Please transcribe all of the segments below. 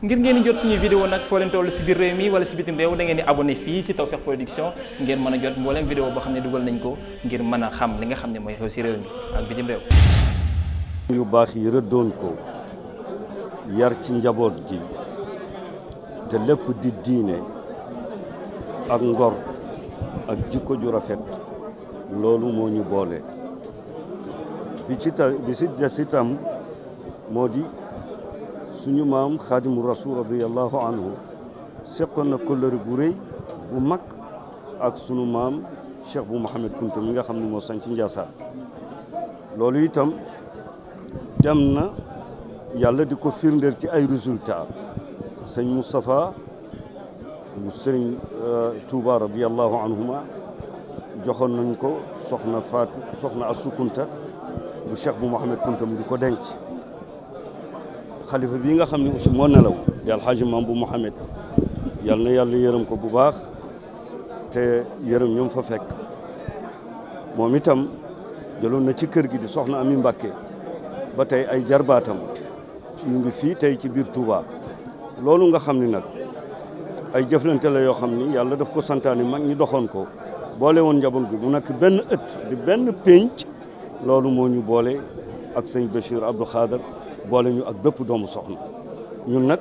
ngir ngeen di jot suñuy vidéo nag foo leen toll si biir réew mi wala si bitim réew da ngeen di abonné fii si Tawfekh Production ngeen mën a jot mbooleem vidéo boo xam ne dugal nañ ko ngir mën a xam li nga xam ne mooy xew si réew mi ak bitim réew yu baax yi rëddoon ko yar ci njaboot gi te lépp di diine ak ngor ak jikko ju rafet loolu moo ñu boole bi ci ta moo di suñu maam xaadimu rasul radiallahu anhu seqoon na kóllëre gu rëy bu mag ak sunu maam cheikh bu Mouhamed Kounta mi nga xam ne moo sañ ci Njaasaan loolu itam dem na yàlla di ko firndeel ci ay résultat sëñ Moustapha mu sëriñ euh, Touba radiallahu anhuma joxoon nañ ko soxna Fatou soxna Assou Kounta bu cheikh bu Mouhamed Kounta mu di ko denc xalifa bi nga xam ne aussi moo nelaw di alxaaji maam bu Mouhamed yal na yàlla yërëm ko bu baax te yërëm ñoom fa fekk moom itam jëloon na ci kër gi di soxna Ami Mbàkke ba tey ay jarbaatam ñu ngi fii tey ci biir Touba loolu nga xam ni nag ay jëflante la yoo xam ni yàlla daf ko santaani mag ñi doxoon ko boole woon njaboot gi mu nekk benn ëtt di benn pénc loolu moo ñu boole ak sëñ Bachir Abdou Khader boole ñu ak bépp doomu soxna ñun nag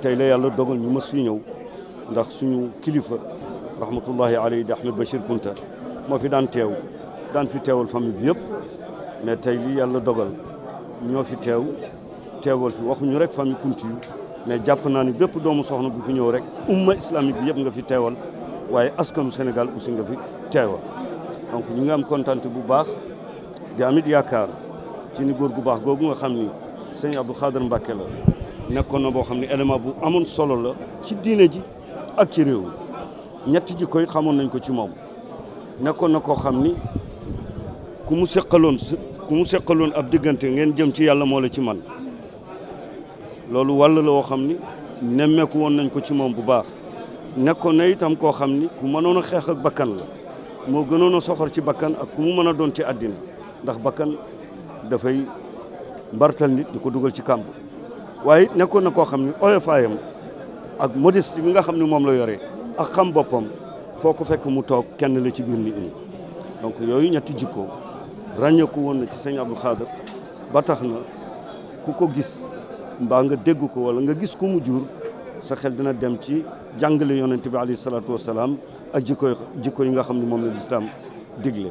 tey la yàlla dogal ñu mës fi ñëw ndax suñu kilifa rahmatullahi alayhi di Ahmed Bachir Kounta moo fi daan teew daan fi teewal famille bi yëpp mais tey li yàlla dogal ñoo fi teew teewal fi waxuñu rek famille Kounta yi mais jàpp naa ni bépp doomu soxna bu fi ñëw rek umma islamique bi yëpp nga fi teewal waaye askanu Sénégal aussi nga fi teewal donc ñu ngi am kontaan bu baax di amit yaakaar ci ni góor gu baax googu nga xam ni sëñ Abdou Khader Mbacke la nekkoon na boo xam ne élément bu amoon solo la ci diine ji ak ci réew ñetti jikko it xamoon nañ ko ci moom nekkoon na koo xam ni ku mu seqaloon ku mu seqaloon ab diggante ngeen jëm ci yàlla moo la ci man loolu wàll la woo xam ni nemmeeku woon nañ ko ci moom bu baax nekkoon na itam koo xam ni ku mënoon a xeex ak bakkan la moo gënoon a soxor ci bakkan ak ku mu mën a doon ci àddina ndax bakkan dafay mbartal nit di ko dugal ci kàmb waaye it nekkoon na koo xam ne oyofaayam ak modeste bi nga xam ne moom la yore ak xam boppam foo ko fekk mu toog kenn la ci biir ni ñi donc yooyu ñetti jikkoo ràññeeku woon na ci sëñ Abdou Khadre ba tax na ku ko gis mbaa nga dégg ko wala nga gis ku mu jur sa xel dina dem ci jàngale yonent bi alayhi salaatu wasalaam ak jikko jikko yi nga xam ne moom la lislaam digle